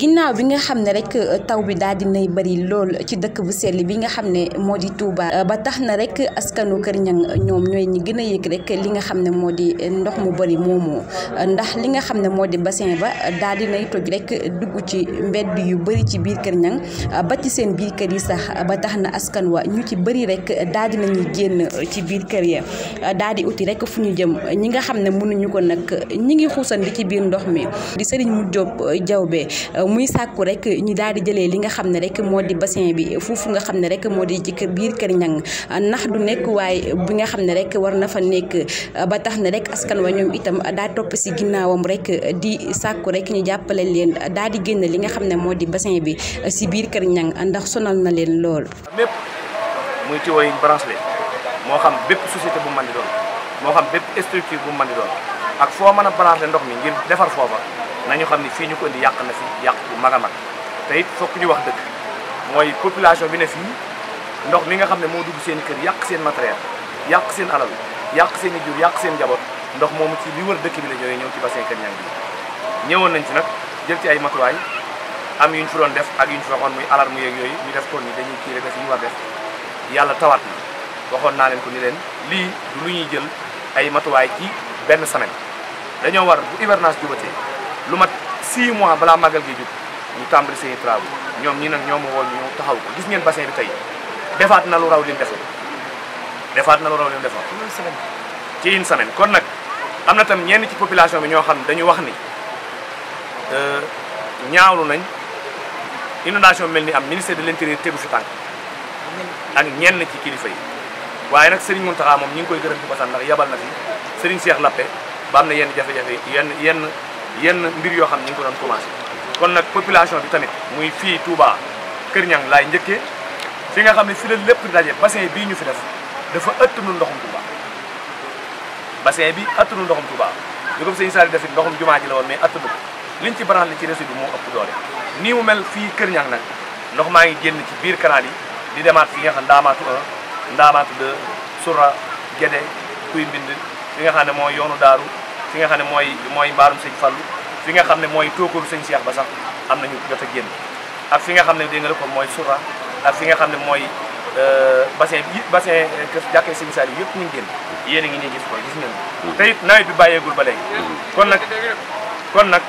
ginnaaw bi nga xam ne rek euh, taw bi daal nay bari lool ci dëkk bu sell bi nga xam ne moo di Touba euh, ba tax na rek askanu Kër ñoom ñooy ñi gën a yëg rek li nga xam ne moo di ndox mu bëri moomu ndax li nga xam ne moo di bassin ba daal dinay toj rek dugg ci mbedd yu bëri ci biir Kër ba ci seen biir kër yi sax ba tax na askan wa ñu ci bëri rek daal dinañuy génn ci biir kër ya daal di uti rek fu ñu jëm ñi nga xam ne mënuñu ko nag ñi ngi bi ci biir ndox mi di Serigne Modou Diop euh, Diaobé Euh, muy sàkku rek ñi daal di jëlee li nga xam ne rek moo di bassin bi foofu nga xam ne rek moo di ci kër biir kër ñang euh, ndax du nekk waaye bi nga xam ne rek war na fa nekk euh, ba tax ne rek askan wa ñoom itam daa topp si ginnaawam rek di sàkku rek ñu jàppale leen daal di génn li nga xam ne moo di bassin bi si biir kër ñang ndax sonal na leen lool. mépp muy tuyau yi branche bi moo xam bépp société bu mën di doon moo xam bépp structure bu mën di doon ak foo nañu xam ni fii ñu ko indi yàq na fi yàq bu mag a mag te it fokk ñu wax dëgg mooy population bi ne fii ndox mi nga xam ne moo dugg seen kër yàq seen matériel yàq seen alal yàq seen i jur yàq seen njaboot ndox moomu ci li war dëkk bi la ñëwee ñëw ci bassin Kër Ñang bi ñëwoon nañ ci nag jël ci ay matuwaay am yuñ fi doon def ak yu fi waxoon muy alarme yeeg yooyu ñu def kon ni dañuy kii rek def ñu war def yàlla tawaat na waxoon naa leen ko ni leen lii du ñuy jël ay matuwaay ci benn semaine dañoo war bu hivernage jubatee lu mat 6 mois balaa màggal gi jub ñu tàmbali seen i travaux ñoom ñi nag ñoo woo ñu taxaw ko gis ngeen bassin bi tey defaat na lu raw li mu defoon defaat na lu raw li mu defoon ci une semaine kon nag am na tam ñenn ci population bi ñoo xam ne dañu wax ni euh, ñaawlu nañ inondation mel ni am ministère de l'intérieur tegu fi tànk ak ñenn ci kilifa yi waaye nag sëriñ Serigne Mountakha moom ñi ngi koy gërëm ci basan ndax yabal na fi Serigne Cheikh Lappé ba na yenn jafe-jafe yenn yenn yenn mbir yoo xam ne ñu ngi ko doon commencé kon nag population bi tamit muy fii Touba Kër Ñang laay njëkkee fi nga xam ne fi la lépp daje bassin bii ñu fi def dafa ëttanu ndoxum Touba bassin bi ëttanu ndoxum Touba li ko sëñ Saliou defit ndoxum jumaa ji la woon mais ëttanu ko liñ ci branle ci résidu moo ëpp doole nii mu mel fii Kër Ñang nag ndox maa ngi génn ci biir canal yi di demaat fi nga xam ndaamaatu 1 ndaamaatu 2 sura Gede kuy mbind li nga xam ne mooy yoonu daaru fi nga xam ne mooy mooy mbaarum sëñ Fallu fi nga xam ne mooy tóokóoru sëñ Cheikh ba sax am nañu jot a génn ak fi nga xam ne dégg nga ko mooy sura ak fi nga xam ne mooy euh, bassin bassin kër jàkkee sëñ Saliou yëpp ñu génn yéen a ngi ñuy gis ko gis ngeen te it nawet bi bàyyeegul ba léegi kon nag kon nag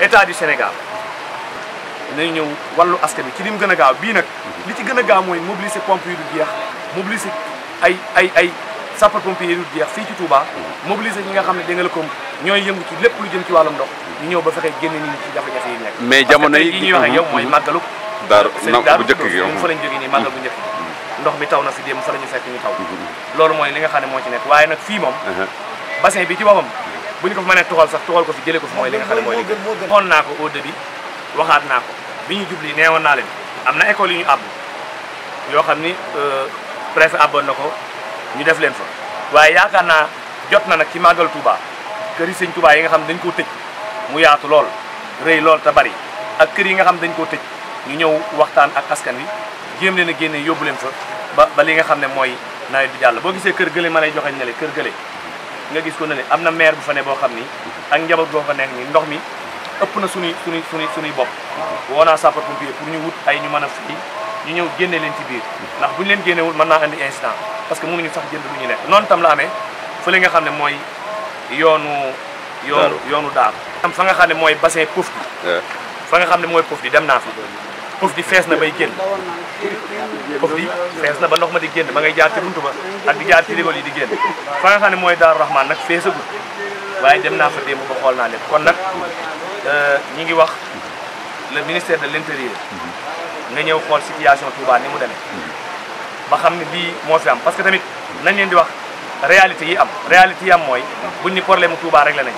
état du Sénégal nañ ñëw wallu askan bi ci lim gën a gaaw bii nag li ci gën a gaaw mooy mobiliser pompe yu du jeex mobiliser ay ay ay sapeur pompier yi du jeex fii ci Touba mobiliser ñi nga xam ne danga la koom ñooy yëngu ci lépp lu jëm ci wàllum ndox ñu ñëw ba fexe génne nit ñi ci jafe-jafe yi nekk mais jamono yi ñuy wax ak yow mooy mm-hmm. màggalu daaru bu njëkk gi fa lañ jógee nii màggal bu njëkk mm-hmm. ndox mi taw na fi dem fa la ñu fekk ñu mm-hmm. loolu mooy li nga xam ne moo ci nekk waaye nag fii moom uh-huh. bassin bi ci boppam bu ñu ko fi mënee tuxal sax tuxal ko fi jëlee ko fi mooy li nga xam ne mooy liggéey xoon naa ko au début waxaat naa ko bi ñu jubli neewoon naa leen am na école yu ñu àbb yoo xam ni euh, préfet na ko ñu def leen fa waaye yaakaar naa jot na nag ci màggal Touba kër yi sëñ Touba yi nga xam dañ koo tëj mu yaatu lool rëy lool te bari ak kër yi nga xam dañ koo tëj ñu ñëw waxtaan ak askan wi jéem leen a génne yóbbu leen fa ba ba li nga xam ne mooy nawet bi jàll boo gisee kër gële ma lay joxe ne kër gële nga gis ko ne am na maire bu fa boo xam ni ak njaboot boo fa nekk ni ndox mi ëpp na suñuy suñuy suñuy suñuy bopp woo naa sapeur pompier pour ñu ay ñu mën a ñu ñëw génne leen ci biir ndax bu ñu leen génnewul mën naa andi incident parce que mënuñu sax jënd lu ñu lekk noonu tam la amee fële nga xam ne mooy yoonu. yoonu yoonu daaru. am fa nga xam ne mooy bassin puuf bi. fa nga xam ne mooy puuf bi dem naa fa. puuf di fees na bay génn puuf di fees na ba ndox ma di génn ba ngay jaar ci buntu ba ak di jaar ci rigol yi di génn fa nga xam ne mooy daaru rahman nag feesagul waaye dem naa fa démb ba xool naa leen kon nag euh, ñi ngi wax le ministère de l' mm-hmm. na ñëw xool situation Touba ni mu demee. Mm-hmm. ba xam ne lii moo fi am parce que tamit nañ leen di wax réalité yi am réalité yi am mooy buñ ni problème mu Touba réglé nañ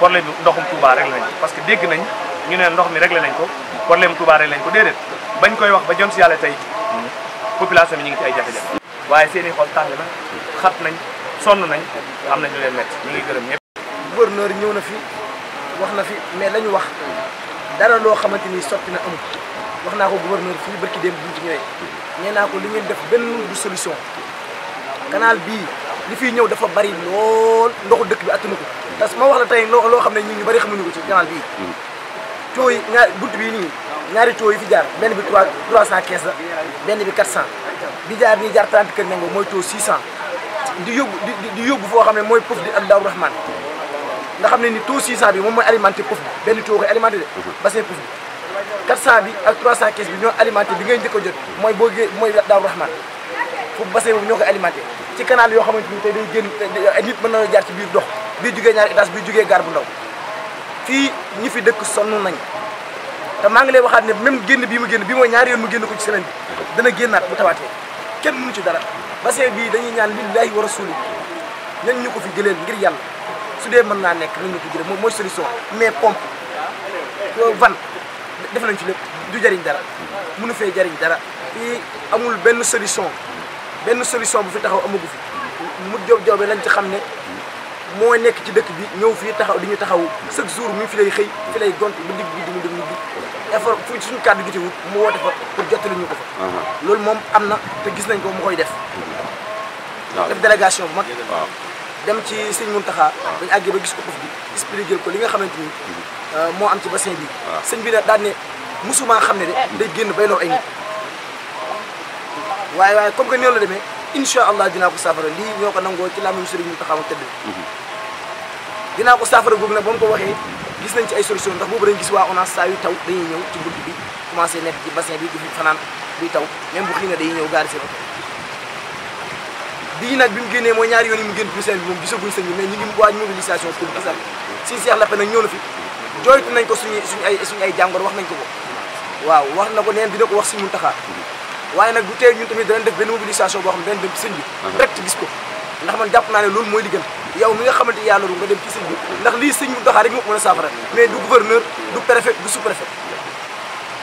problème bi ndoxum Touba réglé nañ parce que dégg nañ ñu ne ndox mi réglé nañ ko problème mu Touba réglé lañ ko déedéet bañ koy wax ba jëm si yàlla tey population bi ñu ngi ay jafe-jafe waaye seen i xol tàng na xat nañ sonn nañ am na lu leen métti ñu ngi gërëm ñëpp na fi wax na fi mais lañu wax dara loo xamante ni sotti na amul wax naa ko gouverneur fii barki dem bi ñu ñëwee nee naa ko li ngeen def benn du solution canal bii li fiy ñëw dafa bari lool ndoxu dëkk bi attanu ko parce que ma wax la tey loo loo xam ne ñun ñu bari xamuñu ko ci canal bii taux yi ñaari bunt bii nii ñaari taux yi fi jaar benn bi trois trois cent quinze la benn bi quatre cent bi jaar bi jaar trente kër nango mooy taux six cent di yóbbu di yóbbu foo xam ne mooy pof di ak daaw rahman nga xam ne ni taux 600 bi moom mooy alimenté pouf bi benn taux koy alimenté de mhm. bassin pouf bi 400 bi ak 315 bi ñoo alimenté bi ngay njëkk a jot mooy boo gée mooy daaru rahman foofu bassin boobu ñoo koy alimenté ci canal yoo xamante ni tey day génn nit mën na jaar biir dox bii jugee ñaari étage bii jugee fii ñi fi dëkk sonn nañ te maa ngi lay waxaat ne même génn bii mu génn bi mooy ñaar yoon mu génn ko ci semaine bi mhm. dana génnaat bu tawaatee kenn mu mënu ci dara bassin bii dañuy ñaan lillahi wa rasuli ñan ñu ko fi jëleen ngir yàlla su dee mën naa nekk nañ la ko jëlee moom mooy solution mais pompe van def nañ ci lépp du jariñ dara na fee jariñ dara fii amul benn solution benn solution bu fi taxaw amagu fi mu joob joobe lañ ci xam ne moo nekk ci dëkk bi ñëw fii taxaw di ñu taxaw chaque jour mu fi lay xëy lay gont ba digg ñu bi effort fu suñu kàddu gi ñu ko fa loolu moom am na te gis nañ ko mu koy def def bu mag dem ci sëñ Muntaxa dañu àggee ba gis ko of bi expliqué ko li nga xamante ni euh, moo am ci bassin bi sëñ bi ne daan ne musuma xam ne de day génn bay lor ay nit waaye waaye comme que noonu la demee incha allah dinaa ko saafara lii ñoo ko nangoo ci làmmiñu sëriñ Muntaxa ma tëdd mhm. dinaa ko saafara googu na ba ko waxee gis nañ ci ay solution ndax boobu dañ gis waa ONAS saa yu taw dañuy ñëw ci bunt bi commencé nekk ci bassin bi di fi fanaan buy taw même bu xii na dañuy ñëw gaari bii nag bi mu génnee mooy ñaari yoon yi mu génn pour seen bi moom gisaguñ sëñ bi mais ñu ngi waaj mobilisation pour gisal suñ Seex Lappé nag ñëw na fi jooytu nañ ko suñu suñu ay suñu ay jàngoor wax nañ ko ko waaw wax na ko neen dina ko wax suñu Muntaxa waaye nag bu tey ñun tamit danañ def benn mobilisation boo xam ne danañ dem sëñ bi rek gis ko ndax man jàpp naa ne loolu mooy diggante yow mi nga xamante yàlla nga dem ci sëñ bi ndax lii sëñ Muntaxa rek moo ko mën a saafara mais du gouverneur du préfet du sous-préfet